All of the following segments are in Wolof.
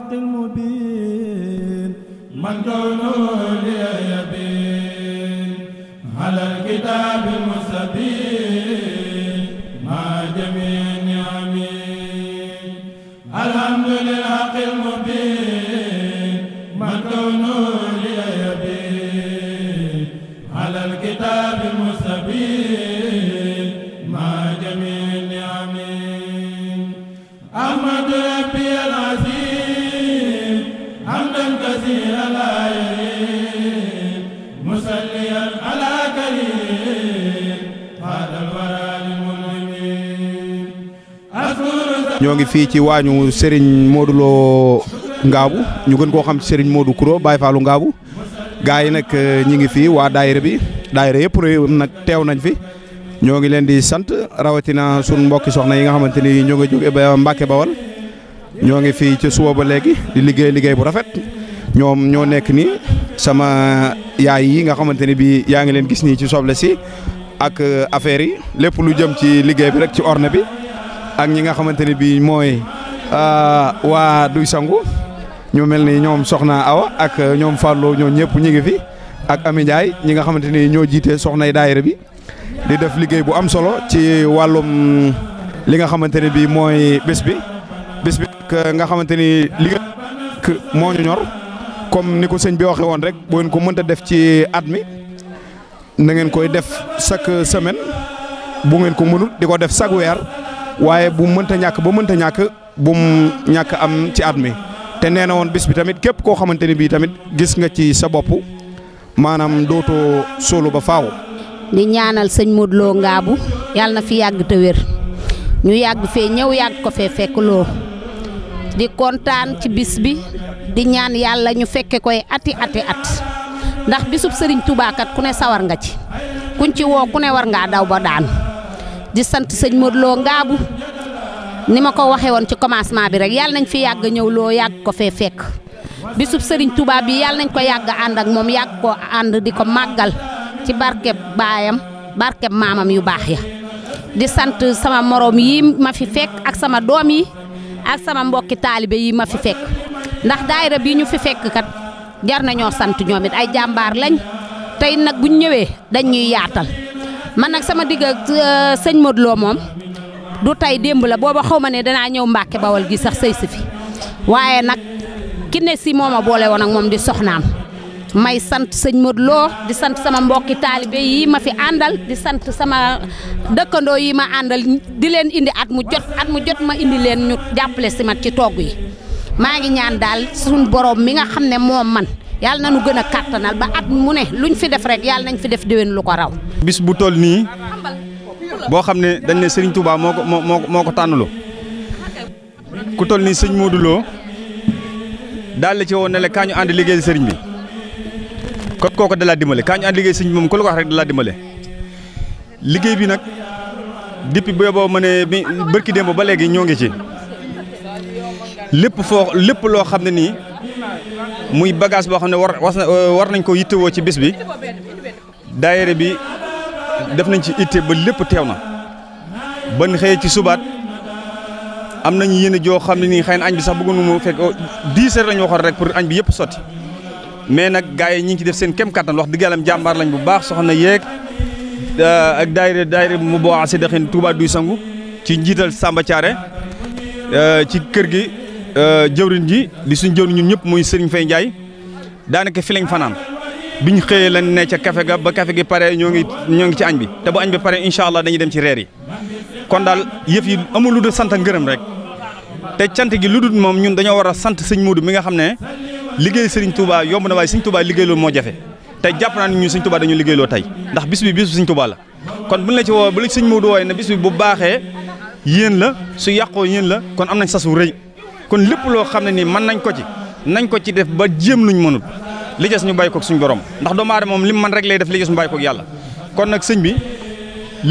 الحق المبين من كونه ñoo ngi fii ci waañu Serigne mooduloo Lo Ngaabu ñu gën koo xam ci Serigne Modou Kouro Baye Fallou Ngaabu gaa yi nag euh, ñi ngi fii waa daayira bi daayira yëpp nag teew nañ fi ñoo ngi leen di sant rawatina sun mbokki soxna yi nga xamante ni ñoo ngi jóge Bawal ñoo ngi fii ci suba ba léegi di liggéey liggéey bu rafet ñoom ñoo nekk nii sama yaay yi nga xamante ni bi yaa ngi leen gis nii ci soble si ak euh, affaire yi lépp lu jëm ci liggéey bi rek ci orne bi ak ñi nga xamante ne bii mooy euh, waa duy sangu ñu mel ni ñoom soxna Awa ak euh, ñoom Fallou ñoo ñëpp ñu ngi fi ak Ami ñi nga xamante ni ñoo jiite soxnay daayira bi di def liggéey bu am solo ci wàllum li nga xamante ne bii mooy bés bi bés bi euh, nga xamante ni moo ñu ñor comme ni ko sëñ bi waxe woon rek bu ngeen ko mënta def ci at mi na ngeen koy def chaque semaine bu ngeen ko mënul di ko def chaque weer waaye bu mënta ñàkk ba mënta ñàkk bu mu ñàkk am ci at mi te nee na woon bis bi tamit képp koo xamante ni bii tamit gis nga ci sa bopp maanaam dootoo sóolu ba faaw. di ñaanal sëñ Modou ngaa bu yàlla na fi yàgg te wér ñu yàgg fee ñëw yàgg ko fee fekk loo di kontaan ci bis bi di ñaan yàlla ñu fekke koy ati ati at ndax bisub sëriñ tubaakat ku ne sawar nga ci kuñ ci woo ku ne war ngaa daw ba daan. di sant sëñ Modou Lo ngaabu ni ma ko waxee woon ci commencement bi rek yàlla nañ fi yàgg ñëw loo yàgg ko fee fekk bisub sëriñ tubaab bi yàlla nañ ko yàgg ànd ak moom yàgg ko ànd di ko màggal ci barkeb baayam barkeb maamam yu baax ya di sant sama moroom yi ma fi fekk ak sama doom yi ak sama mbokki taalibe yi ma fi fekk ndax daayira bi ñu fi fekk kat jar nañoo sant ñoom ay jàmbaar lañ tey nag buñ ñëwee dañ ñuy yaatal man nag sama digg ak euh, sëñ Modou moom du tey démb la booba xaw ma ne danaa ñëw Mbàkke Bawal gi sax sëy si fi waaye nag ki si si mooma boole woon nag moom di soxnaam may sant sëñ Modou di sant sama mbokki taalibe yii ma fi àndal di sant sama dëkkandoo yi ma àndal di leen indi at mu jot at mu jot ma indi leen ñu jàppale si mat ci togg yi maa ngi ñaan daal suñu borom mi nga xam ne moom man yàlla na nu gën a kàttanal ba at mu ne lu ñu fi def rek yàlla nañ fi def déwén lu ko raw bis bu toll nii boo xam ne dañ ne Serigne Touba moo ko moo moo ko tànnaloo ku toll nii sëñ Modou Lo daal la ci woon ne la kaa ñu ànd liggéeyal sëriñ bi kon kooku dalaa dimbale kaa ñu ànd liggéey sëriñ bi moom ku la ko wax rek dalaa dimbale liggéey bi nag depuis boobu ma ne bi bërki démb ba léegi ñoo ngi ci lépp foo lépp loo xam ne nii muy bagage boo xam ne war euh, war nañ ko yittewoo ci bis bi daayere bi def nañ ci itte ba lépp teew na ba ñu ci subaat am nañ yéen a joo xam ne nii xëy na añ bi sax bëggoon mu fekk dix heures lañu waxoon rek pour añ bi yëpp sotti mais nag gars yi ñi ngi ci def seen kem kattan wax dëgg yàlla jàmbaar lañ bu baax soxna yeeg euh, ak daayira daayira mu boo asi daxin Touba duy sangu ci njiital Samba Thiaré euh, ci kër gi euh, jëwrin ji di suñ jëwrin ñun ñëpp muy Serigne Faye Ndiaye daanaka fi lañ fanaan bi ñu xëyee lan ne ca kafe ga ba kafe gi pare ñoo ngi ñoo ngi ci añ bi te bu añ bi pare incha allah dañuy dem ci reer yi kon daal yëf yi amul lu dul sant ngërëm rek te cant gi lu dul moom ñun dañoo war a sant sëñ Moodu mi nga xam ne liggéey sëriñ Touba yomb na waaye sëñ Touba liggéey loolu moo jafe te jàpp naa ne ñun sëñ Touba dañu liggéey loo tey ndax bis bi bisu sëñ Touba la kon buñ la ci woo bu la sëñ Moodu wooye ne bis bi bu baaxee yéen la su yàqoo yéen la kon am nañ sasu rëy kon lépp loo xam ne nii mën nañ ko ci nañ ko ci def ba jéem luñ mënul li suñu ñu bàyyi suñu borom ndax doomu aadama moom li mu mën rek lay def li des ñu bàyyi yàlla kon nag sëñ bi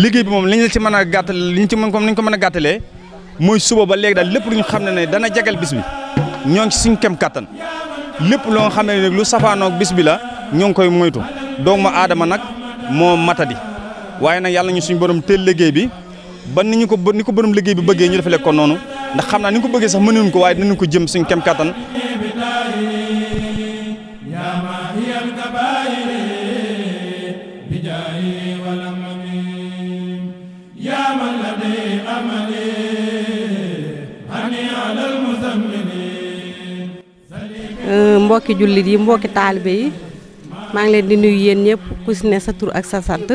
liggéey bi moom li ñu si ci mën a gàttal li ñu ci mën comme ni ko mën a gàttalee mooy suba ba léegi daal lépp lu ñu xam ne ne dana jagal bis bi ñoo ngi ci suñu kem kàttan lépp loo nga xam ne nag lu safaanoog bis bi la ñoo ngi koy moytu doomu aadama nag moo matadi waaye nag yàlla ñu suñu borom teel liggéey bi ba ni ñu ko ni ko borom liggéey bi bëggee ñu defalee ko noonu ndax xam naa ni ñu ko bëggee sax mënuñu ko waaye dinañ ko jëm suñu kem kàttan Euh, mbokki jullit yi mbokki taalibe yi maa ngi leen di nuyu yéen ñëpp ku si ne sa ak sa sant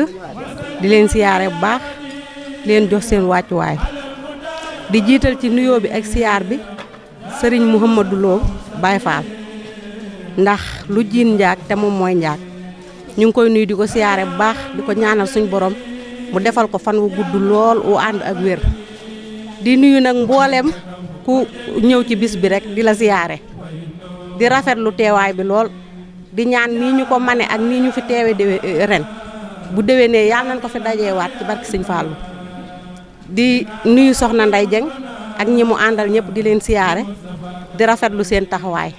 di leen siyaare bu baax leen jox seen wàccuwaay di jiital ci nuyoo bi ak siyaar bi sëriñ Mouhamadou Lo Baye ndax lu jiin njaag te moom mooy njaag ñu ngi koy nuyu di ko siyaare bu baax di ko ñaanal suñu borom mu defal ko fan wu gudd lool wu ànd ak wér di nuyu nag mbooleem ku ñëw ci bis bi rek di la siyaare di rafetlu teewaay bi lool di ñaan nii ñu ko mane ak nii ñu fi teewe dewe eh, ren bu déwénee yàlla nañ ko fi dajeewaat ci barki Sëñ Fallu di nuyu soxna Nday Jeng ak ñi mu àndal ñëpp di leen siyaare di rafetlu seen taxawaay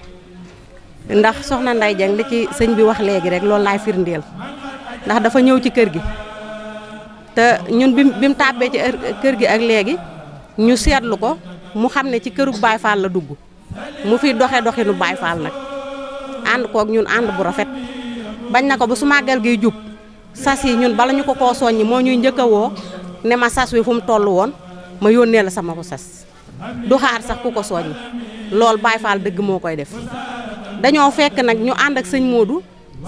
ndax soxna Ndeye Dieng li ci sëñ bi wax léegi rek loolu laay firndeel ndax dafa ñëw ci kër gi te ñun bi mu tàbbee ci kër gi ak léegi ñu seetlu ko mu xam ne ci këru Baye Fall la dugg mu fiy doxe doxinu Baye Fall nag ànd kook ñun ànd bu rafet bañ na ko ba su màggal gi jub sas yi ñun bala ñu ko koo soññi moo ñuy njëkk a ne ma sas wi fu mu toll woon ma yónnee la sama ko sas du xaar sax ku ko soññi loolu Baye Fall dëgg moo koy def dañoo fekk nag ñu ànd ak sëñ Modou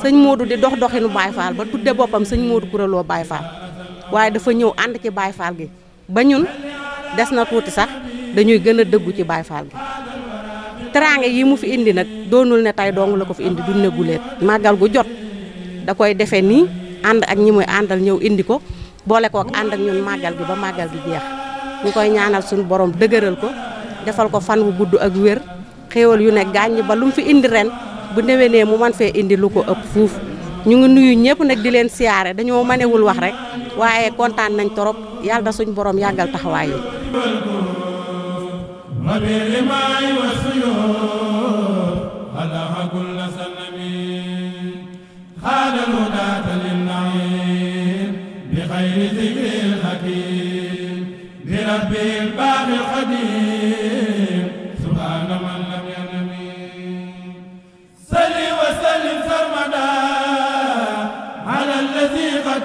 sëñ moodu di dox doxinu Baye Fall ba tudde boppam sëñ Modou kuraloo baay Baye waaye dafa ñëw ànd ci Baye Fall gi ba ñun des na tuuti sax dañuy gën a dëggu ci baay Fall gi teraanga yi mu fi indi nag doonul ne tey dong ko fi indi du ne màggal gu jot da koy defee nii ànd ak ñi muy àndal ñëw indi ko boole ko ak ànd ak ñun màggal gi ba màggal gi jeex ñu koy ñaanal suñu borom dëgëral ko defal ko fan wu gudd ak wér xéewal yu ne gàññ ba lu mu fi indi ren bu déwénee mu man fee indi ko ëpp fuuf ñu ngi nuyu ñëpp nag di leen siyaare dañoo mënewul wax rek waaye kontaan nañ torop yàlla suñ borom yàggal taxawaay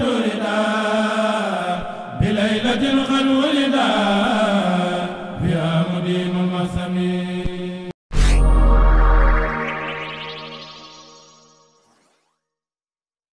yaa